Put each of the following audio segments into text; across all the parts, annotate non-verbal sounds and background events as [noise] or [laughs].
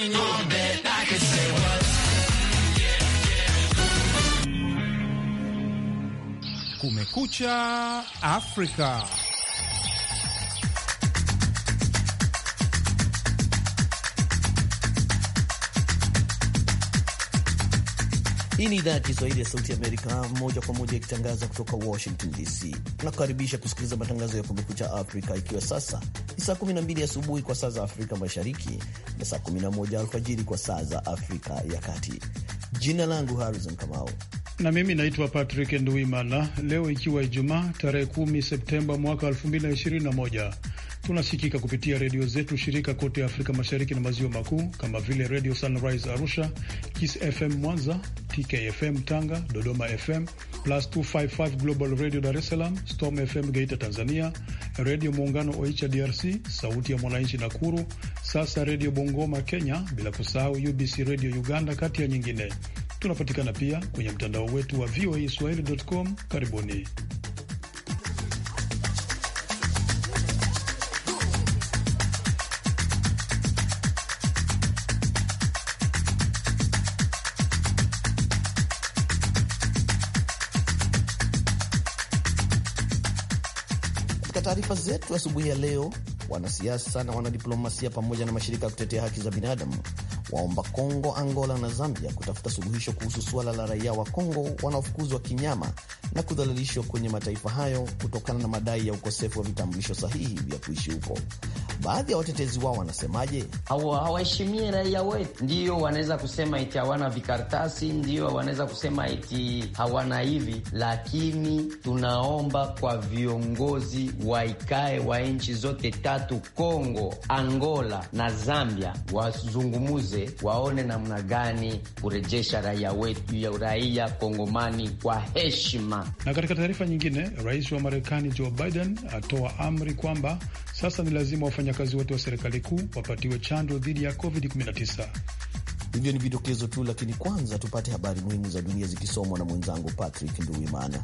mean, I'll bet I could say what. Kumekucha Afrika. Hii ni idhaa ya Kiswahili ya Sauti Amerika, moja kwa moja ikitangaza kutoka Washington DC. Tunakukaribisha kusikiliza matangazo ya Kumekucha Afrika, ikiwa sasa ni saa 12 asubuhi kwa saa za Afrika Mashariki na saa 11 alfajiri kwa saa za Afrika ya Kati. Jina langu Harrison Kamau na mimi naitwa Patrick Nduimana. Leo ikiwa Ijumaa tarehe 10 Septemba mwaka 2021 Tunasikika kupitia redio zetu shirika kote Afrika Mashariki na Maziwa Makuu kama vile redio Sunrise Arusha, Kiss FM Mwanza, TKFM Tanga, Dodoma FM, Plus 255 Global Radio Dar es Salaam, Storm FM Geita Tanzania, Redio Muungano Oicha DRC, Sauti ya Mwananchi Nakuru, Sasa Redio Bongoma Kenya, bila kusahau UBC Redio Uganda, kati ya nyingine. Tunapatikana pia kwenye mtandao wetu wa VOA Swahili.com. Karibuni. taarifa zetu asubuhi ya leo, wanasiasa na wanadiplomasia pamoja na mashirika ya kutetea haki za binadamu waomba Kongo, Angola na Zambia kutafuta suluhisho kuhusu suala la raia wa Kongo wanaofukuzwa kinyama na kudhalilishwa kwenye mataifa hayo kutokana na madai ya ukosefu wa vitambulisho sahihi vya kuishi huko. Baadhi ya watetezi wao wanasemaje? Hawaheshimie raia wetu, ndio wanaweza kusema eti hawana vikartasi ndio wanaweza kusema eti hawana hivi, lakini tunaomba kwa viongozi waikae wa nchi zote tatu, Kongo, Angola na Zambia, wazungumuze, waone namna gani kurejesha raia wetu ya uraia kongomani kwa heshima. Na katika taarifa nyingine, rais wa Marekani Joe Biden atoa amri kwamba sasa ni lazima wafanya wafanyakazi wote wa serikali kuu wapatiwe chanjo dhidi ya COVID-19. Hivyo ni vidokezo tu, lakini kwanza tupate habari muhimu za dunia zikisomwa na mwenzangu Patrick nduimana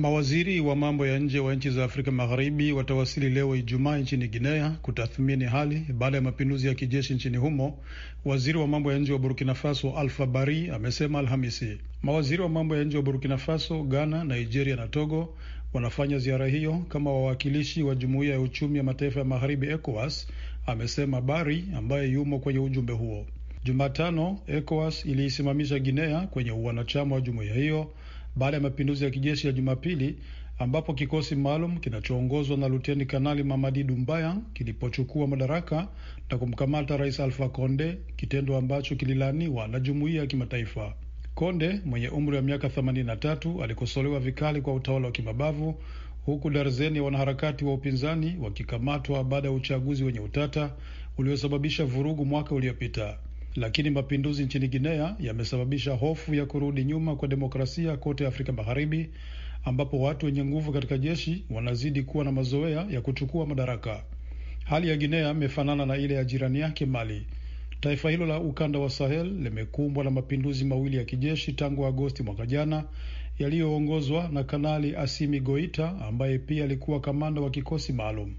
Mawaziri wa mambo ya nje wa nchi za Afrika Magharibi watawasili leo Ijumaa nchini Guinea kutathmini hali baada ya mapinduzi ya kijeshi nchini humo. Waziri wa mambo ya nje wa Burkina Faso Alfa Bari amesema Alhamisi. Mawaziri wa mambo ya nje wa Burkina Faso, Ghana, Nigeria na Togo wanafanya ziara hiyo kama wawakilishi wa Jumuiya ya Uchumi ya Mataifa ya Magharibi, ECOWAS, amesema Bari ambaye yumo kwenye ujumbe huo. Jumatano, ECOWAS iliisimamisha Guinea kwenye uwanachama wa jumuiya hiyo baada ya mapinduzi ya kijeshi ya Jumapili ambapo kikosi maalum kinachoongozwa na luteni kanali Mamadi Dumbaya kilipochukua madaraka na kumkamata rais Alfa Konde, kitendo ambacho kililaaniwa na jumuiya ya kimataifa. Konde mwenye umri wa miaka 83 alikosolewa vikali kwa utawala wa kimabavu huku darzeni ya wanaharakati wa upinzani wakikamatwa baada ya uchaguzi wenye utata uliosababisha vurugu mwaka uliopita lakini mapinduzi nchini Guinea yamesababisha hofu ya kurudi nyuma kwa demokrasia kote Afrika Magharibi, ambapo watu wenye nguvu katika jeshi wanazidi kuwa na mazoea ya kuchukua madaraka. Hali ya Guinea imefanana na ile ya jirani yake Mali. Taifa hilo la ukanda wa Sahel limekumbwa na mapinduzi mawili ya kijeshi tangu Agosti mwaka jana yaliyoongozwa na Kanali Asimi Goita ambaye pia alikuwa kamanda wa kikosi maalum.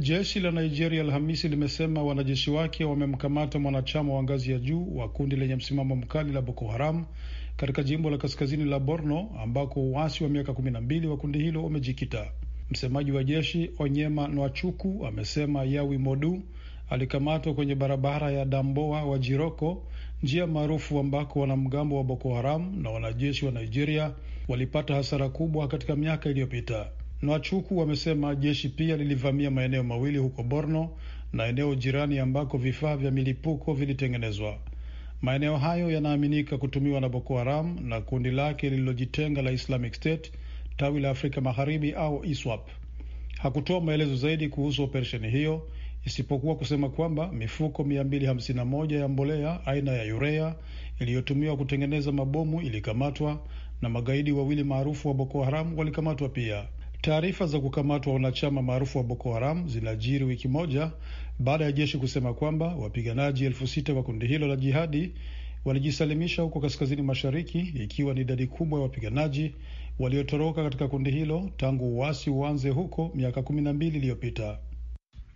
Jeshi la Nigeria Alhamisi limesema wanajeshi wake wamemkamata mwanachama wa ngazi ya juu wa kundi lenye msimamo mkali la Boko Haram katika jimbo la kaskazini la Borno ambako uasi wa miaka kumi na mbili wa kundi hilo wamejikita. Msemaji wa jeshi Onyema Nwachuku amesema Yawi Modu alikamatwa kwenye barabara ya Damboa wa Jiroko, njia maarufu ambako wanamgambo wa Boko Haram na wanajeshi wa Nigeria walipata hasara kubwa katika miaka iliyopita nwachuku wamesema jeshi pia lilivamia maeneo mawili huko Borno na eneo jirani ambako vifaa vya milipuko vilitengenezwa. Maeneo hayo yanaaminika kutumiwa na Boko Haram na kundi lake lililojitenga la Islamic State tawi la Afrika Magharibi au ISWAP. Hakutoa maelezo zaidi kuhusu operesheni hiyo isipokuwa kusema kwamba mifuko 251 ya mbolea aina ya urea iliyotumiwa kutengeneza mabomu ilikamatwa na magaidi wawili maarufu wa Boko Haram walikamatwa pia. Taarifa za kukamatwa wanachama maarufu wa Boko Haram zinajiri wiki moja baada ya jeshi kusema kwamba wapiganaji elfu sita wa kundi hilo la jihadi walijisalimisha huko kaskazini mashariki, ikiwa ni idadi kubwa ya wapiganaji waliotoroka katika kundi hilo tangu uasi uanze huko miaka kumi na mbili iliyopita.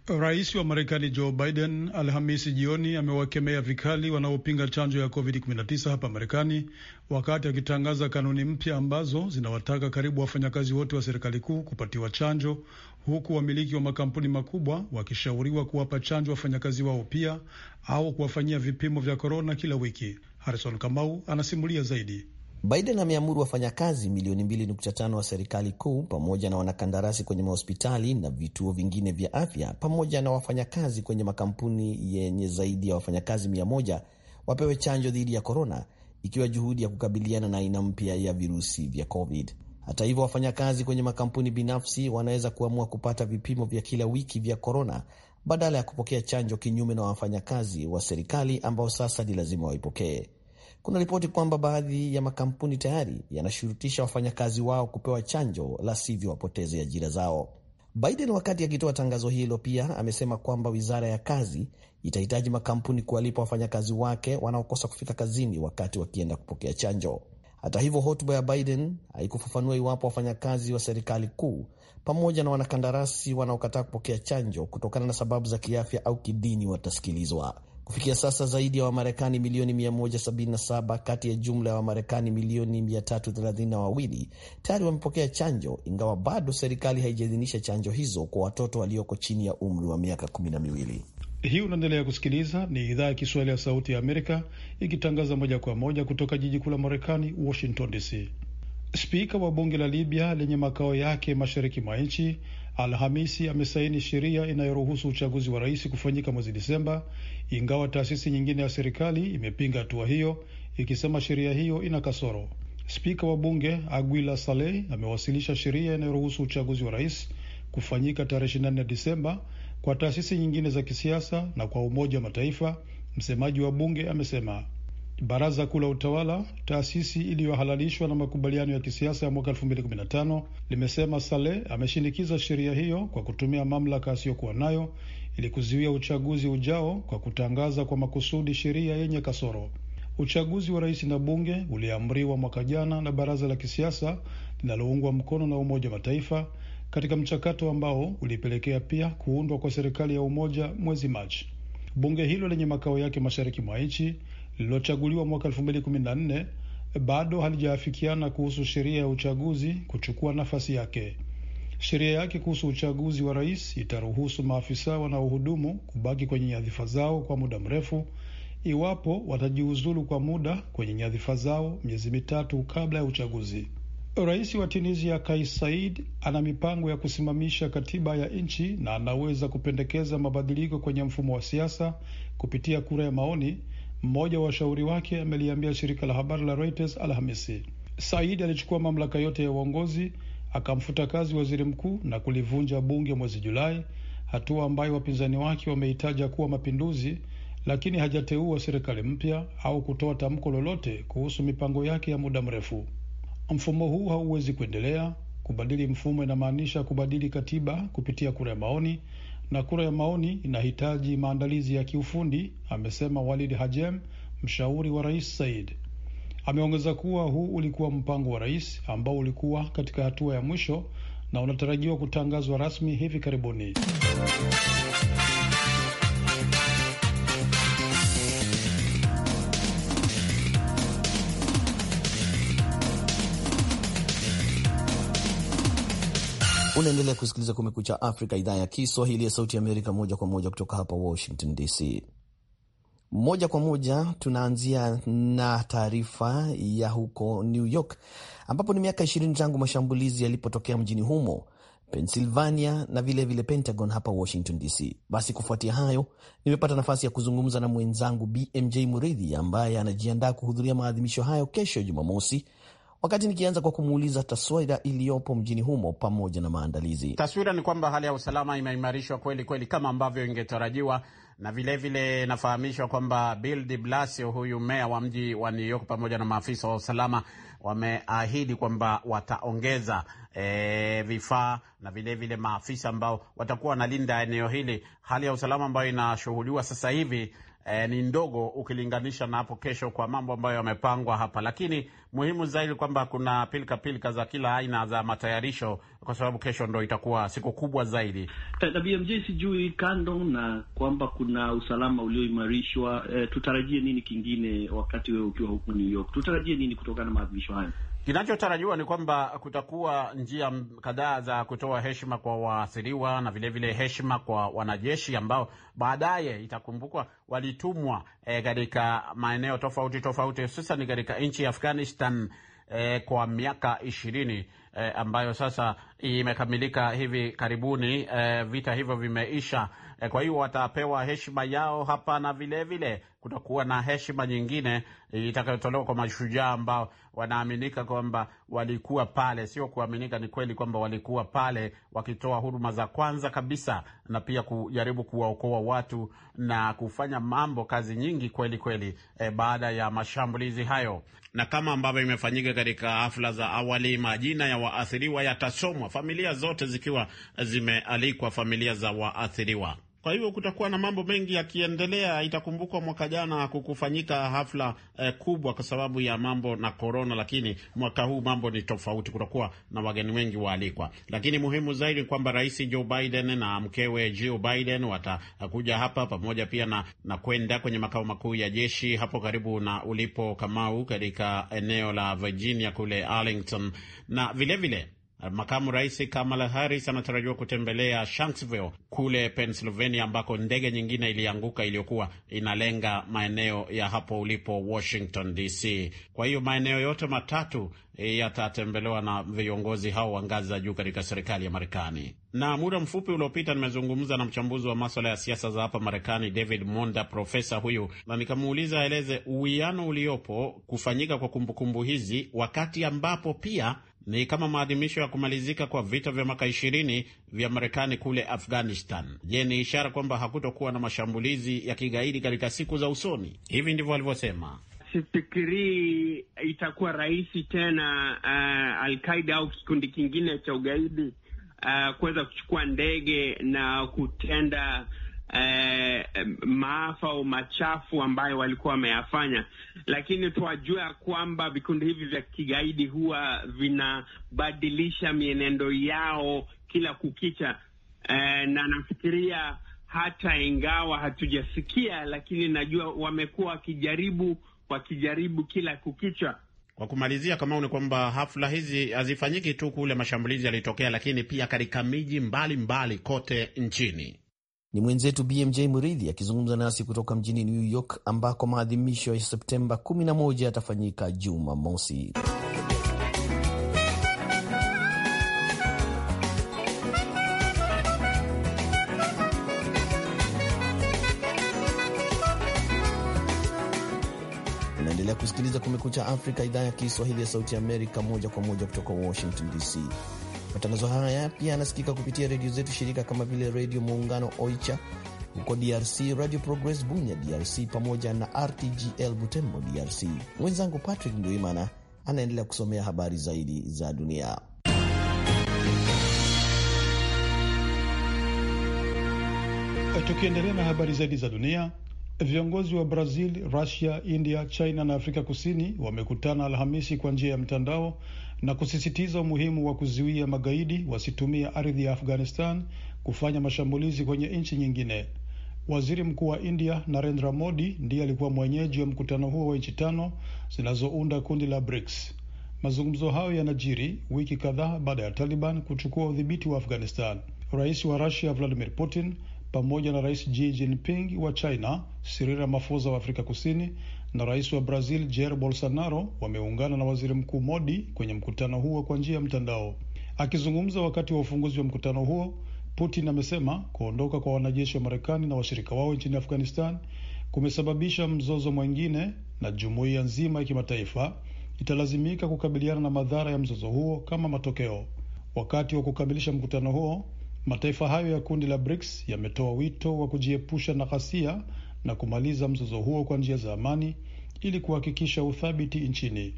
Rais wa Marekani Joe Biden Alhamisi jioni amewakemea vikali wanaopinga chanjo ya COVID-19 hapa Marekani wakati akitangaza kanuni mpya ambazo zinawataka karibu wafanyakazi wote wa serikali kuu kupatiwa chanjo huku wamiliki wa makampuni makubwa wakishauriwa kuwapa chanjo wafanyakazi wao pia au kuwafanyia vipimo vya korona kila wiki. Harrison Kamau anasimulia zaidi. Biden ameamuru wafanyakazi milioni 2.5 wa serikali kuu pamoja na wanakandarasi kwenye mahospitali na vituo vingine vya afya pamoja na wafanyakazi kwenye makampuni yenye zaidi ya wafanyakazi 100 wapewe chanjo dhidi ya korona, ikiwa juhudi ya kukabiliana na aina mpya ya virusi vya COVID. Hata hivyo, wafanyakazi kwenye makampuni binafsi wanaweza kuamua kupata vipimo vya kila wiki vya korona badala ya kupokea chanjo, kinyume na wafanyakazi wa serikali ambao sasa ni lazima waipokee. Kuna ripoti kwamba baadhi ya makampuni tayari yanashurutisha wafanyakazi wao kupewa chanjo, la sivyo wapoteze ajira zao. Biden wakati akitoa tangazo hilo pia amesema kwamba wizara ya kazi itahitaji makampuni kuwalipa wafanyakazi wake wanaokosa kufika kazini wakati wakienda kupokea chanjo. Hata hivyo, hotuba ya Biden haikufafanua iwapo wafanyakazi wa serikali kuu pamoja na wanakandarasi wanaokataa kupokea chanjo kutokana na sababu za kiafya au kidini watasikilizwa. Kufikia sasa zaidi ya Wamarekani milioni 177 kati ya jumla ya Wamarekani milioni 332 tayari wamepokea chanjo, ingawa bado serikali haijaidhinisha chanjo hizo kwa watoto walioko chini ya umri wa miaka kumi na miwili. Hii unaendelea kusikiliza, ni idhaa ya Kiswahili ya Sauti ya Amerika ikitangaza moja kwa moja kutoka jiji kuu la Marekani, Washington DC. Spika wa bunge la Libya lenye makao yake mashariki mwa nchi Alhamisi amesaini sheria inayoruhusu uchaguzi wa rais kufanyika mwezi Disemba, ingawa taasisi nyingine ya serikali imepinga hatua hiyo ikisema sheria hiyo ina kasoro. Spika wa bunge Aguila salei amewasilisha sheria inayoruhusu uchaguzi wa rais kufanyika tarehe 24 Disemba kwa taasisi nyingine za kisiasa na kwa Umoja wa Mataifa. Msemaji wa bunge amesema Baraza Kuu la Utawala, taasisi iliyohalalishwa na makubaliano ya kisiasa ya mwaka 2015, limesema Saleh ameshinikiza sheria hiyo kwa kutumia mamlaka asiyokuwa nayo ili kuzuia uchaguzi ujao kwa kutangaza kwa makusudi sheria yenye kasoro. Uchaguzi wa rais na bunge uliamriwa mwaka jana na baraza la kisiasa linaloungwa mkono na Umoja wa Mataifa katika mchakato ambao ulipelekea pia kuundwa kwa serikali ya umoja mwezi Machi. Bunge hilo lenye makao yake mashariki mwa nchi lililochaguliwa mwaka 2014 bado halijaafikiana kuhusu sheria ya uchaguzi kuchukua nafasi yake. Sheria yake kuhusu uchaguzi wa rais itaruhusu maafisa wanaohudumu kubaki kwenye nyadhifa zao kwa muda mrefu iwapo watajiuzulu kwa muda kwenye nyadhifa zao miezi mitatu kabla ya uchaguzi. Rais wa Tunisia Kais said ana mipango ya kusimamisha katiba ya nchi na anaweza kupendekeza mabadiliko kwenye mfumo wa siasa kupitia kura ya maoni mmoja wa washauri wake ameliambia shirika la habari la Reuters Alhamisi. Said alichukua mamlaka yote ya uongozi, akamfuta kazi waziri mkuu na kulivunja bunge mwezi Julai, hatua ambayo wapinzani wake wameitaja kuwa mapinduzi, lakini hajateua serikali mpya au kutoa tamko lolote kuhusu mipango yake ya muda mrefu. Mfumo huu hauwezi kuendelea. Kubadili mfumo inamaanisha kubadili katiba kupitia kura ya maoni na kura ya maoni inahitaji maandalizi ya kiufundi, amesema Walid Hajem, mshauri wa rais Said. Ameongeza kuwa huu ulikuwa mpango wa rais ambao ulikuwa katika hatua ya mwisho na unatarajiwa kutangazwa rasmi hivi karibuni. Unaendelea kusikiliza Kumekucha Afrika, idhaa ya Kiswahili ya Sauti Amerika, moja kwa moja kutoka hapa Washington DC. Moja kwa moja tunaanzia na taarifa ya huko New York, ambapo ni miaka ishirini tangu mashambulizi yalipotokea mjini humo Pennsylvania na vilevile vile Pentagon hapa Washington DC. Basi kufuatia hayo, nimepata nafasi ya kuzungumza na mwenzangu BMJ Muridhi ambaye anajiandaa kuhudhuria maadhimisho hayo kesho Jumamosi wakati nikianza kwa kumuuliza taswira iliyopo mjini humo pamoja na maandalizi. Taswira ni kwamba hali ya usalama imeimarishwa kweli kweli kama ambavyo ingetarajiwa na vilevile inafahamishwa kwamba Bill de Blasio, huyu meya wa mji wa New York, pamoja na maafisa wa usalama wameahidi kwamba wataongeza e, vifaa na vilevile maafisa ambao watakuwa wanalinda eneo hili. Hali ya usalama ambayo inashuhudiwa sasa hivi eh, ni ndogo ukilinganisha na hapo kesho kwa mambo ambayo yamepangwa hapa, lakini muhimu zaidi kwamba kuna pilika pilika za kila aina za matayarisho, kwa sababu kesho ndo itakuwa siku kubwa zaidi eh, na BMJ. Sijui kando na kwamba kuna usalama ulioimarishwa, eh, tutarajie nini kingine wakati wewe ukiwa huku New York? Tutarajie nini kutokana na maadhimisho hayo? Kinachotarajiwa ni kwamba kutakuwa njia kadhaa za kutoa heshima kwa waathiriwa na vilevile vile heshima kwa wanajeshi ambao baadaye itakumbukwa walitumwa eh, katika e, maeneo tofauti tofauti hususan katika nchi ya Afghanistan e, kwa miaka ishirini eh, ambayo sasa imekamilika hivi karibuni. Eh, vita hivyo vimeisha, eh, kwa hiyo watapewa heshima yao hapa, na vilevile kutakuwa na heshima nyingine itakayotolewa kwa mashujaa ambao wanaaminika kwamba walikuwa pale. Sio kuaminika, ni kweli kwamba walikuwa pale wakitoa huduma za kwanza kabisa, na pia kujaribu kuwaokoa watu na kufanya mambo, kazi nyingi kweli kweli, eh, baada ya mashambulizi hayo na kama ambavyo imefanyika katika hafla za awali, majina ya waathiriwa yatasomwa, familia zote zikiwa zimealikwa, familia za waathiriwa. Kwa hivyo kutakuwa na mambo mengi yakiendelea. Itakumbukwa mwaka jana kukufanyika hafla eh, kubwa kwa sababu ya mambo na korona, lakini mwaka huu mambo ni tofauti, kutakuwa na wageni wengi waalikwa. Lakini muhimu zaidi kwamba Rais Joe Biden na mkewe Jill Biden watakuja hapa pamoja pia na, na kwenda kwenye makao makuu ya jeshi hapo karibu na ulipo Kamau, katika eneo la Virginia kule Arlington na vilevile vile, Makamu Rais Kamala Harris anatarajiwa kutembelea Shanksville kule Pennsylvania, ambako ndege nyingine ilianguka iliyokuwa inalenga maeneo ya hapo ulipo Washington DC. Kwa hiyo maeneo yote matatu e, yatatembelewa na viongozi hao wa ngazi za juu katika serikali ya Marekani. Na muda mfupi uliopita nimezungumza na mchambuzi wa maswala ya siasa za hapa Marekani, David Monda, profesa huyu, na nikamuuliza aeleze uwiano uliopo kufanyika kwa kumbukumbu hizi wakati ambapo pia ni kama maadhimisho ya kumalizika kwa vita vya miaka ishirini vya Marekani kule Afghanistan. Je, ni ishara kwamba hakutokuwa na mashambulizi ya kigaidi katika siku za usoni? Hivi ndivyo alivyosema. Sifikirii itakuwa rahisi tena uh, Alqaida au kikundi kingine cha ugaidi uh, kuweza kuchukua ndege na kutenda eh, maafa au machafu ambayo walikuwa wameyafanya, lakini tuajua kwamba vikundi hivi vya kigaidi huwa vinabadilisha mienendo yao kila kukicha eh, na nafikiria hata ingawa hatujasikia, lakini najua wamekuwa wakijaribu wakijaribu kila kukicha. Kwa kumalizia, kama ni kwamba hafla hizi hazifanyiki tu kule mashambulizi yalitokea, lakini pia katika miji mbalimbali kote nchini. Ni mwenzetu BMJ Muridhi akizungumza nasi kutoka mjini New York ambako maadhimisho ya Septemba 11 yatafanyika Jumamosi. Unaendelea kusikiliza Kumekucha Afrika, idhaa ya Kiswahili ya Sauti ya Amerika, moja kwa moja kutoka Washington DC. Matangazo haya pia yanasikika kupitia redio zetu shirika kama vile Redio Muungano Oicha huko DRC, Radio Progress Bunya DRC, pamoja na RTGL Butembo DRC. Mwenzangu Patrick Nduimana anaendelea kusomea habari zaidi za dunia. Tukiendelea na habari zaidi za dunia, viongozi wa Brazil, Rusia, India, China na Afrika Kusini wamekutana Alhamisi kwa njia ya mtandao na kusisitiza umuhimu wa kuzuia magaidi wasitumie ardhi ya Afghanistan kufanya mashambulizi kwenye nchi nyingine. Waziri Mkuu wa India Narendra Modi ndiye alikuwa mwenyeji wa mkutano huo wa nchi tano zinazounda kundi la BRICS. Mazungumzo hayo yanajiri wiki kadhaa baada ya Taliban kuchukua udhibiti wa Afghanistan. Rais wa Rusia Vladimir Putin pamoja na Rais Xi Jinping wa China, Cyril Ramaphosa wa Afrika Kusini na Rais wa Brazil Jair Bolsonaro wameungana na Waziri Mkuu Modi kwenye mkutano huo kwa njia ya mtandao. Akizungumza wakati wa ufunguzi wa mkutano huo, Putin amesema kuondoka kwa wanajeshi wa Marekani na washirika wao nchini Afghanistan kumesababisha mzozo mwingine na jumuiya nzima ya kimataifa italazimika kukabiliana na madhara ya mzozo huo kama matokeo. Wakati wa kukamilisha mkutano huo, Mataifa hayo ya kundi la BRICS yametoa wito wa kujiepusha na ghasia na kumaliza mzozo huo kwa njia za amani ili kuhakikisha uthabiti nchini.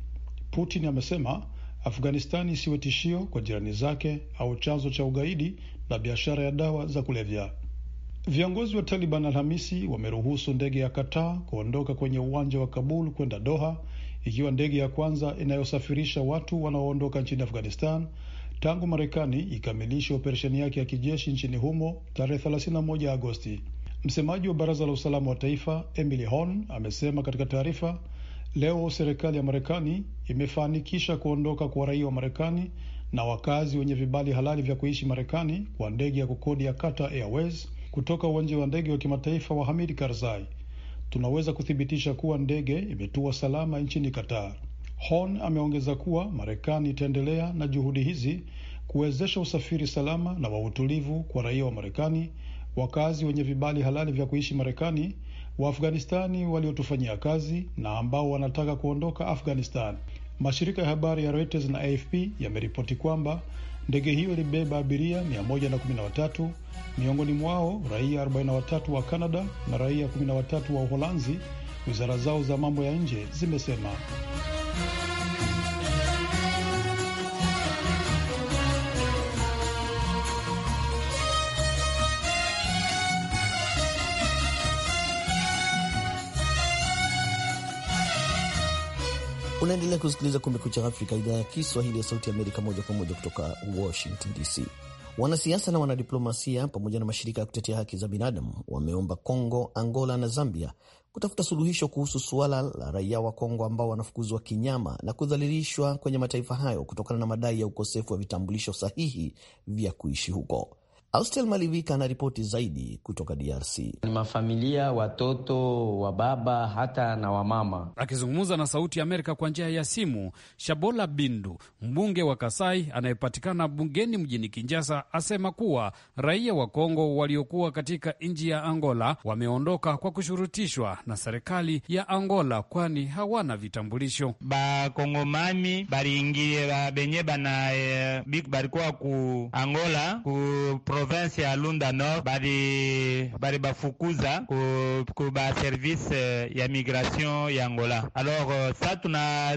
Putin amesema Afghanistani isiwe tishio kwa jirani zake au chanzo cha ugaidi na biashara ya dawa za kulevya. Viongozi wa Taliban Alhamisi wameruhusu ndege ya Qatar kuondoka kwenye uwanja wa Kabul kwenda Doha, ikiwa ndege ya kwanza inayosafirisha watu wanaoondoka nchini Afghanistan tangu Marekani ikamilishe operesheni yake ya kijeshi nchini humo tarehe 31 Agosti. Msemaji wa baraza la usalama wa taifa Emily Horn amesema katika taarifa leo, serikali ya Marekani imefanikisha kuondoka kwa raia wa Marekani na wakazi wenye vibali halali vya kuishi Marekani kwa ndege ya kukodi ya Qatar Airways kutoka uwanja wa ndege wa kimataifa wa Hamid Karzai. Tunaweza kuthibitisha kuwa ndege imetua salama nchini Qatar. Horn ameongeza kuwa Marekani itaendelea na juhudi hizi kuwezesha usafiri salama na wa utulivu kwa raia wa Marekani, wakazi wenye vibali halali vya kuishi Marekani, Waafghanistani waliotufanyia kazi na ambao wanataka kuondoka Afghanistan. Mashirika ya habari ya Reuters na AFP yameripoti kwamba ndege hiyo ilibeba abiria 113 miongoni mwao raia 43 wa Kanada na raia 13 wa Uholanzi, wizara zao za mambo ya nje zimesema. Unaendelea kusikiliza Kumekucha Afrika, idhaa ya Kiswahili ya Sauti Amerika, moja kwa moja kutoka Washington DC. Wanasiasa na wanadiplomasia pamoja na mashirika ya kutetea haki za binadamu wameomba Kongo, Angola na Zambia kutafuta suluhisho kuhusu suala la raia wa Kongo ambao wanafukuzwa kinyama na kudhalilishwa kwenye mataifa hayo kutokana na madai ya ukosefu wa vitambulisho sahihi vya kuishi huko. Austel Malivika anaripoti zaidi kutoka DRC. Ni mafamilia, watoto wa baba hata na wamama. Akizungumza na Sauti ya Amerika kwa njia ya simu, Shabola Bindu, mbunge wa Kasai anayepatikana bungeni mjini kinjasa asema kuwa raia wa Kongo waliokuwa katika nchi ya Angola wameondoka kwa kushurutishwa na serikali ya Angola, kwani hawana vitambulisho. Bakongomami baliingie benye bana e, balikuwa ku Angola ku pro province ya Lunda Nord bali bali bafukuza ku, ku ba service eh, ya migration ya Angola. Alors sa euh, tuna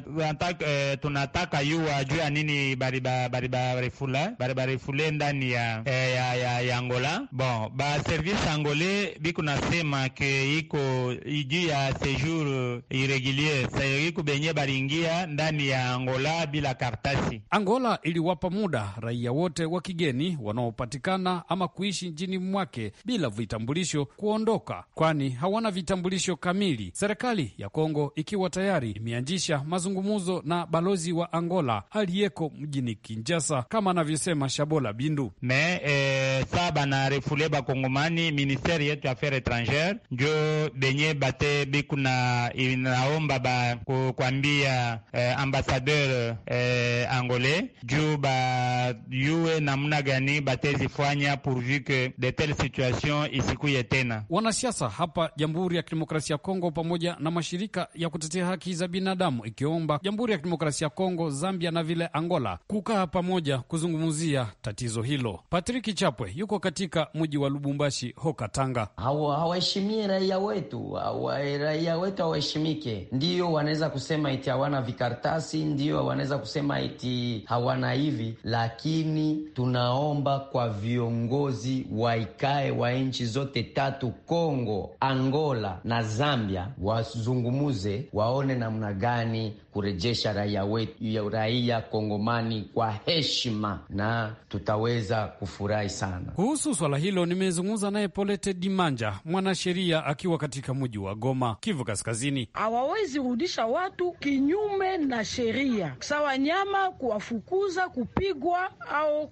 eh, tunataka yuwa euh, juu ya nini bali bali barefula bali barefule ndani ya, eh, ya, ya, ya Angola. Bon, ba service angolais biku nasema ke iko iju ya séjour irregulier iko benye baringia ndani ya Angola bila kartasi. Angola iliwapa muda raia wote wa kigeni wanaopatikana ama kuishi nchini mwake bila vitambulisho kuondoka, kwani hawana vitambulisho kamili. Serikali ya Kongo ikiwa tayari imeanzisha mazungumzo na balozi wa Angola aliyeko mjini Kinjasa, kama anavyosema Shabola Bindu me e, saba na refule bakongomani ministeri yetu ya affaires etrangere njo benye bate bikuna inaomba ba kukwambia e, ambasadeur e, angolais juu bayuwe namna gani batezifanya kufanya pourvu que de telle situation isikuye tena. Wanasiasa hapa Jamhuri ya Kidemokrasia ya Kongo pamoja na mashirika ya kutetea haki za binadamu ikiomba Jamhuri ya Kidemokrasia ya Kongo, Zambia na vile Angola kukaa pamoja kuzungumzia tatizo hilo. Patrick Chapwe yuko katika mji wa Lubumbashi, hoka Tanga. Hawaheshimie raia wetu, raia wetu hawaheshimike, ndiyo wanaweza kusema iti hawana vikartasi, ndiyo wanaweza kusema iti hawana hivi, lakini tunaomba kwa vyo viongozi waikae wa nchi zote tatu Kongo, Angola na Zambia wazungumuze, waone namna gani kurejesha raia wetu ya raia kongomani kwa heshima, na tutaweza kufurahi sana. Kuhusu swala hilo, nimezungumza naye Polete Dimanja, mwanasheria akiwa katika mji wa Goma, Kivu Kaskazini. Hawawezi rudisha watu kinyume na sheria, sawa nyama, kuwafukuza, kupigwa au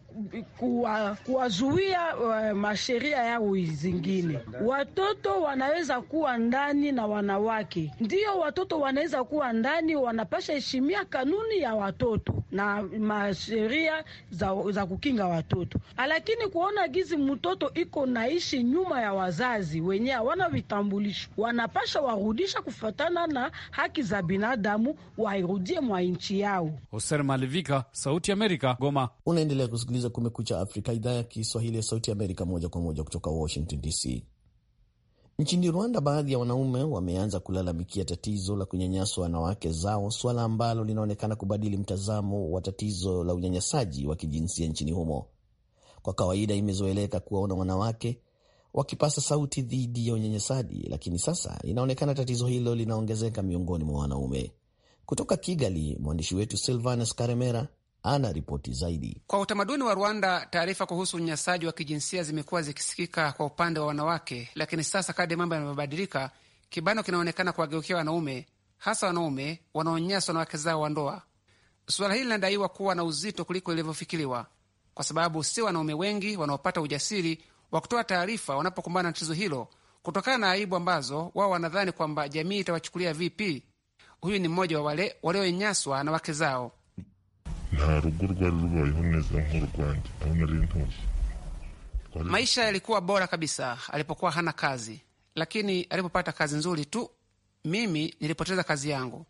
kuwazuia kuwa uh, eh, masheria yao zingine. Watoto wanaweza kuwa ndani na wanawake, ndio watoto wanaweza kuwa ndani wanapa wanapasha heshimia kanuni ya watoto na masheria za, za kukinga watoto, lakini kuona gizi mtoto iko naishi nyuma ya wazazi wenye hawana vitambulisho, wanapasha warudisha kufatana na haki za binadamu, wairudie mwa nchi yao. Hoser Malivika, Sauti Amerika, Goma. Unaendelea kusikiliza Kumekucha Afrika, idhaa ya Kiswahili ya Sauti Amerika, moja kwa moja kutoka Washington DC. Nchini Rwanda, baadhi ya wanaume wameanza kulalamikia tatizo la kunyanyaswa wanawake zao, suala ambalo linaonekana kubadili mtazamo wa tatizo la unyanyasaji wa kijinsia nchini humo. Kwa kawaida, imezoeleka kuwaona wanawake wakipasa sauti dhidi ya unyanyasaji, lakini sasa inaonekana tatizo hilo linaongezeka miongoni mwa wanaume. Kutoka Kigali, mwandishi wetu Silvanus Karemera ana ripoti zaidi. Kwa utamaduni wa Rwanda, taarifa kuhusu unyanyasaji wa kijinsia zimekuwa zikisikika kwa upande wa wanawake, lakini sasa kadri mambo yanavyobadilika, kibano kinaonekana kuwageukia wanaume, hasa wanaume wanaonyanyasa wanawake zao wa ndoa. Suala hili linadaiwa kuwa na uzito kuliko ilivyofikiriwa, kwa sababu si wanaume wengi wanaopata ujasiri wa kutoa taarifa wanapokumbana na tatizo hilo kutokana na aibu ambazo wao wanadhani kwamba jamii itawachukulia vipi. Huyu ni mmoja wa wale walionyanyaswa na wake zao nta rugo rwari rubayeho neza nk'urwanjye aho nari ntuye. Maisha yalikuwa bora kabisa alipokuwa hana kazi, lakini alipopata kazi nzuri tu, mimi nilipoteza kazi yangu,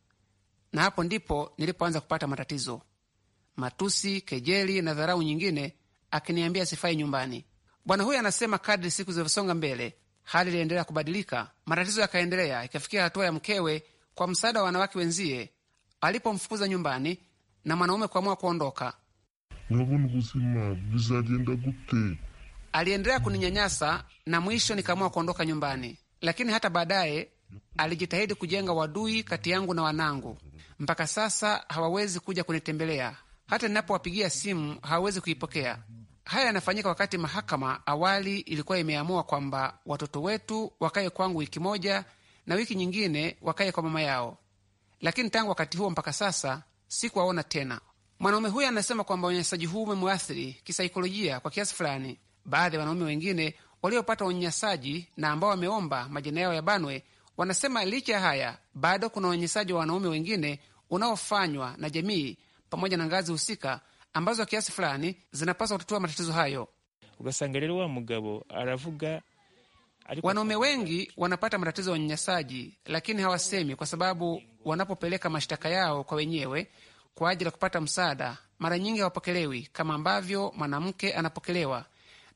na hapo ndipo nilipoanza kupata matatizo, matusi, kejeli na dharau nyingine, akiniambia sifai nyumbani. Bwana huyo anasema kadri siku zilivyosonga mbele, hali iliendelea kubadilika, matatizo yakaendelea, ikafikia hatua ya mkewe, kwa msaada wa wanawake wenzie, alipomfukuza nyumbani na mwanaume kuamua kuondoka. Aliendelea kuninyanyasa na mwisho nikaamua kuondoka nyumbani, lakini hata baadaye alijitahidi kujenga wadui kati yangu na wanangu. Mpaka sasa hawawezi kuja kunitembelea, hata ninapowapigia simu hawawezi kuipokea. Haya yanafanyika wakati mahakama awali ilikuwa imeamua kwamba watoto wetu wakaye kwangu wiki moja na wiki nyingine wakaye kwa mama yao, lakini tangu wakati huo mpaka sasa sikuwaona tena. Mwanaume huyo anasema kwamba unyanyasaji huu umemwathiri kisaikolojia kwa kiasi fulani. Baadhi ya wanaume wengine waliopata unyanyasaji na ambao wameomba majina yao yabanwe wanasema licha ya haya bado kuna unyanyasaji wa wanaume wengine unaofanywa na jamii pamoja na ngazi husika ambazo kiasi fulani zinapaswa kutatua matatizo hayo rero wa mugabo aravuga Wanaume wengi wanapata matatizo ya unyanyasaji, lakini hawasemi, kwa sababu wanapopeleka mashtaka yao kwa wenyewe kwa ajili ya kupata msaada, mara nyingi hawapokelewi kama ambavyo mwanamke anapokelewa,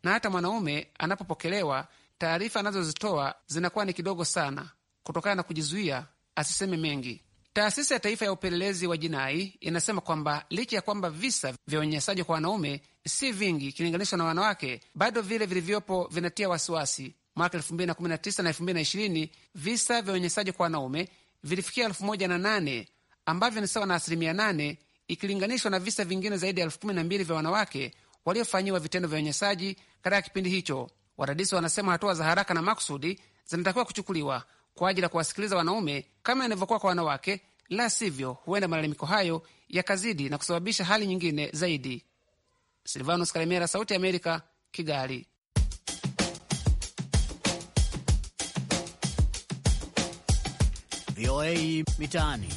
na hata mwanaume anapopokelewa, taarifa anazozitoa zinakuwa ni kidogo sana, kutokana na kujizuia asiseme mengi. Taasisi ya Taifa ya Upelelezi wa Jinai inasema kwamba licha ya kwamba visa vya unyanyasaji kwa wanaume si vingi ikilinganishwa na wanawake, bado vile vilivyopo vinatia wasiwasi Mwaka elfu mbili na kumi na na na tisa elfu mbili ishirini visa vya unyanyasaji kwa wanaume vilifikia elfu moja na nane ambavyo ni sawa na asilimia nane ikilinganishwa na visa vingine zaidi ya elfu kumi na mbili vya wanawake waliofanyiwa vitendo vya unyanyasaji katika kipindi hicho. Wadadisi wanasema hatua za haraka na makusudi zinatakiwa kuchukuliwa kwa ajili ya kuwasikiliza wanaume kama inavyokuwa kwa wanawake, la sivyo huenda malalamiko hayo yakazidi na kusababisha hali nyingine zaidi. Silvanus Kalemera, Sauti ya Amerika, Kigali. VOA Mitaani.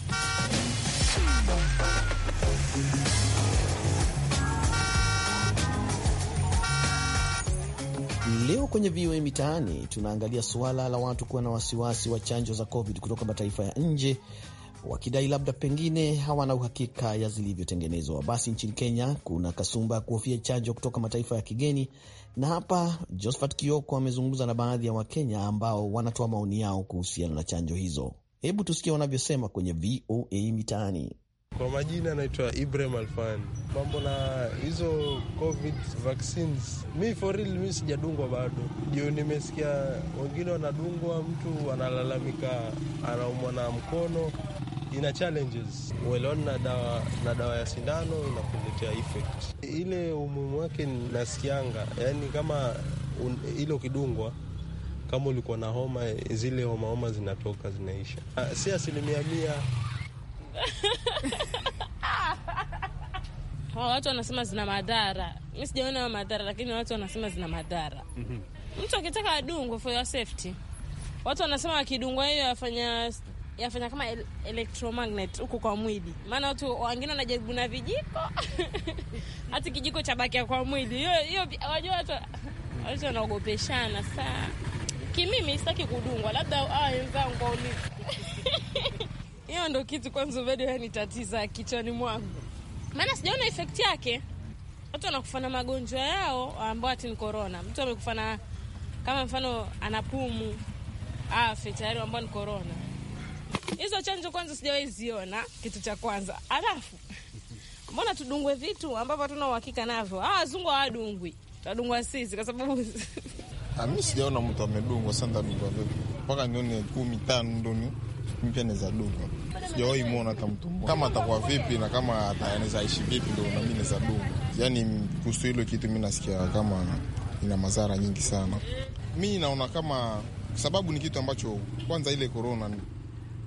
Leo kwenye VOA Mitaani tunaangalia suala la watu kuwa na wasiwasi wa chanjo za COVID kutoka mataifa ya nje wakidai labda pengine hawana uhakika ya zilivyotengenezwa. Basi nchini Kenya kuna kasumba ya kuhofia chanjo kutoka mataifa ya kigeni, na hapa Josephat Kioko amezungumza na baadhi ya Wakenya ambao wanatoa maoni yao kuhusiana na chanjo hizo. Hebu tusikie wanavyosema kwenye VOA Mitaani. Kwa majina anaitwa Ibrahim Alfan. Mambo na hizo covid vaccines, mi for real, mi sijadungwa bado, juu nimesikia wengine wanadungwa, mtu analalamika anaumwa na mkono, ina challenges uelewani na dawa, na dawa ya sindano inakuletea effect ile. Umuhimu wake nasikianga, yani kama ile ukidungwa kama ulikuwa na homa, zile homa homa zinatoka zinaisha. Ah, si asilimia mia [laughs] hawa watu wanasema zina madhara. Mi sijaona madhara, lakini watu wanasema zina madhara. Mhm. Mtu akitaka adungwe for your safety, watu wanasema akidungwa hiyo yafanya yafanya kama electromagnet huko kwa mwili, maana watu wengine wanajaribu na vijiko [laughs] hata kijiko cha bakia kwa mwili hiyo hiyo. Wajua watu watu wanaogopeshana saa Kimimi sitaki kudungwa, labda ah, wenzangu waulizi. [laughs] Hiyo ndo kitu kwanza bado nitatiza yaani kichwani mwangu, maana sijaona effect yake. Watu wanakufa na magonjwa yao ambao ati ni korona. Mtu amekufa na kama mfano anapumu afe tayari, ambao ni korona. Hizo chanjo kwanza sijawahi ziona, kitu cha kwanza. Alafu mbona tudungwe vitu ambavyo hatuna uhakika navyo? Ah, wazungu hawadungwi, tadungwa sisi kwa sababu [laughs] Ah, mimi sijaona mtu amedungwa sasa, vipi? mpaka nione kumi tano ndo ni mpya naweza dungwa, sijawahi mwona hata mtu mmoja. kama atakuwa vipi na kama anaweza ishi vipi, ndo nami naweza dungwa. Yani kuhusu hilo kitu mi nasikia kama ina madhara nyingi sana. Mi naona kama sababu ni kitu ambacho kwanza, ile korona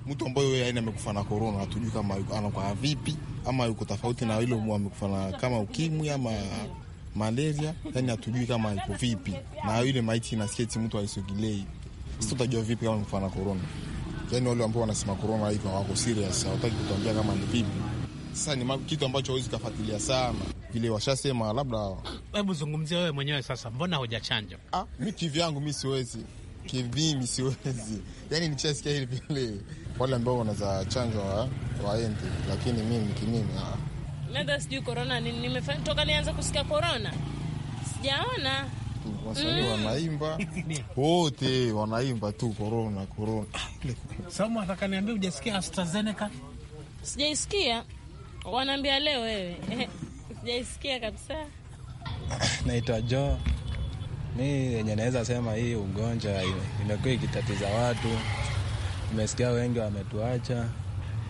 mtu ambaye yeye aina yaani amekufa na korona, hatujui kama anakuwa vipi ama yuko tofauti na ile amekufa na kama ukimwi ama malaria, yani hatujui kama iko vipi, na yule maiti inasikia ti mtu aisogelei, sisi tutajua vipi kama mfana na korona? Yani wale ambao wanasema korona hivi hawako serious, hawataki kutuambia kama ni vipi. Sasa ni kitu ambacho hawezi kufuatilia sana vile washasema, labda. Hebu zungumzia wewe mwenyewe sasa, mbona hujachanja? Ah, mimi kivyangu mimi siwezi kimimi siwezi, yani nikishasikia hili vile wale ambao wanaweza chanjwa waende, lakini mimi kimimi ah labda sijui korona nini, nimefanya toka nianza kusikia korona sijaona wasanii mm. wanaimba [laughs] wote wanaimba tu korona korona. Samu ataka niambia AstraZeneca? Sijaisikia, wanaambia leo wewe. [laughs] Sijaisikia kabisa. [clears throat] Naitwa Jo. Mi yenye naweza sema hii ugonjwa imekuwa ikitatiza watu, nimesikia wengi wametuacha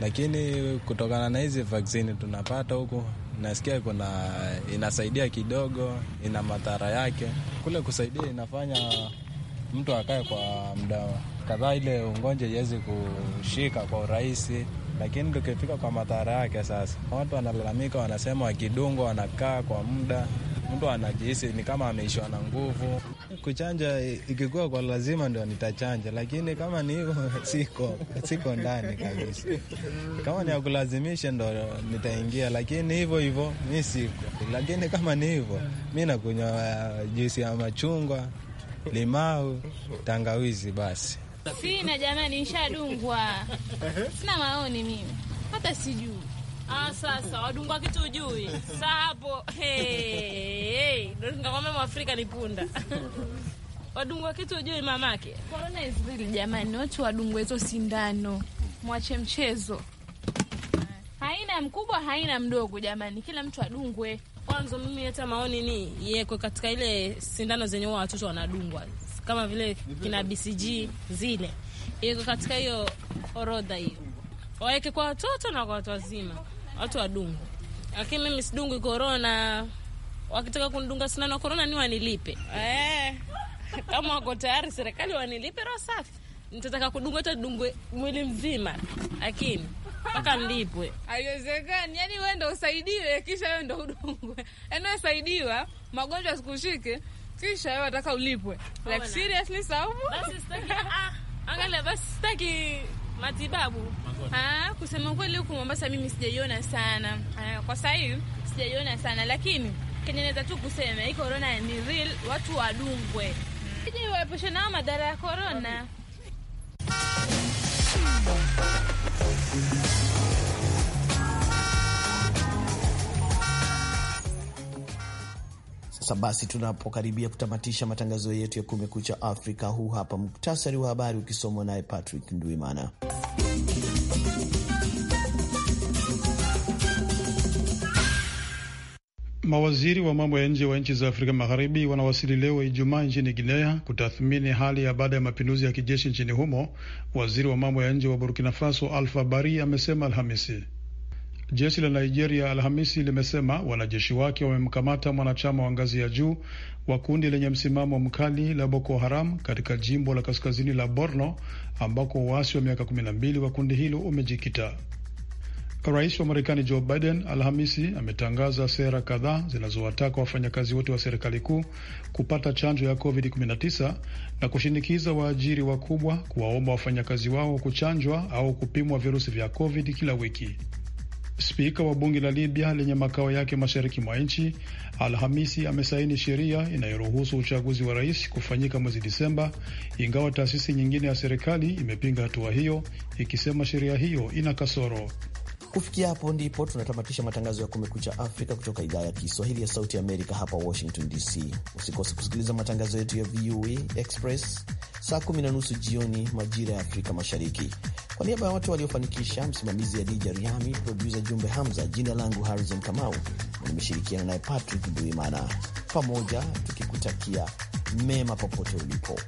lakini kutokana na hizi vaksini tunapata huku nasikia kuna inasaidia kidogo, ina madhara yake. Kule kusaidia inafanya mtu akae kwa muda kadhaa, ile ugonjwa iwezi kushika kwa urahisi, lakini tukifika kwa madhara yake, sasa watu wanalalamika, wanasema wakidungwa wanakaa kwa muda mtu anajihisi ni kama ameishwa na nguvu. Kuchanja ikikuwa kwa lazima ndio nitachanja, lakini kama ni hivyo [laughs] siko siko ndani kabisa. Kama ni akulazimisha ndo nitaingia, lakini hivyo hivyo mi siko. Lakini kama ni hivyo mi nakunywa uh, juisi ya machungwa, limau, tangawizi basi. Sina jamani, nishadungwa, sina maoni mimi, hata sijui Ah, sasa wadungwa kitu ujui. Sasa hapo hey, hey. Ngakombe Mwafrika ni punda wadungwa kitu ujui mamake. Corona is real jamani, watu wadungwa hizo sindano, mwache mchezo. Haina mkubwa haina mdogo jamani, kila mtu adungwe. Kwanza mimi hata maoni ni yeko katika ile sindano zenye huwa watoto wanadungwa kama vile kina BCG zile, yeko katika hiyo orodha hiyo, waweke kwa watoto na kwa watu wazima watu wadungu, lakini mimi sidungwi korona. Wakitaka kunidunga sindano ya korona ni wanilipe eh, kama wako tayari serikali wanilipe, roho safi. Nitataka kudungwa dungwe mwili mzima, lakini mpaka mlipwe. Haiwezekani. Yani wewe ndo usaidiwe, kisha wewe ndo udungwe. Yani usaidiwa magonjwa sikushike, kisha wewe wataka ulipwe. Like seriously, Saumu, basi sitaki. Ah, angalia, basi sitaki matibabu ha, ah, kusema kweli huku Mombasa mimi sijaiona sana ha, ah, kwa sasa hivi sijaiona sana lakini kenye naweza tu kusema hii korona ni real, watu wadungwe mm. ili waepushe nao madhara ya korona. Sasa basi, tunapokaribia kutamatisha matangazo yetu ya Kumekucha Afrika, huu hapa muktasari wa habari ukisomwa naye Patrick Ndwimana. Mawaziri wa mambo ya nje wa nchi za Afrika Magharibi wanawasili leo Ijumaa nchini Guinea kutathmini hali ya baada ya mapinduzi ya kijeshi nchini humo. Waziri wa mambo ya nje wa Burkina Faso Alfa Bari amesema Alhamisi Jeshi la Nigeria Alhamisi limesema wanajeshi wake wamemkamata mwanachama wa ngazi ya juu wa kundi lenye msimamo mkali la Boko Haram katika jimbo la kaskazini la Borno ambako waasi wa miaka 12 wa kundi hilo umejikita. Rais wa Marekani Joe Biden Alhamisi ametangaza sera kadhaa zinazowataka wafanyakazi wote wa serikali kuu kupata chanjo ya COVID-19 na kushinikiza waajiri wakubwa kuwaomba wafanyakazi wao kuchanjwa au kupimwa virusi vya COVID kila wiki. Spika wa bunge la Libya lenye makao yake mashariki mwa nchi Alhamisi amesaini sheria inayoruhusu uchaguzi wa rais kufanyika mwezi Disemba, ingawa taasisi nyingine ya serikali imepinga hatua hiyo ikisema sheria hiyo ina kasoro. Kufikia hapo ndipo tunatamatisha matangazo ya Kumekucha Afrika kutoka idhaa ya Kiswahili ya Sauti Amerika hapa Washington DC. Usikose kusikiliza matangazo yetu ya VOA Express saa kumi na nusu jioni majira ya Afrika Mashariki. Kwa niaba ya wote waliofanikisha, msimamizi Adija Riami, produsa Jumbe Hamza, jina langu Harrison Kamau, nimeshirikiana naye Patrick Duimana, pamoja tukikutakia mema popote ulipo.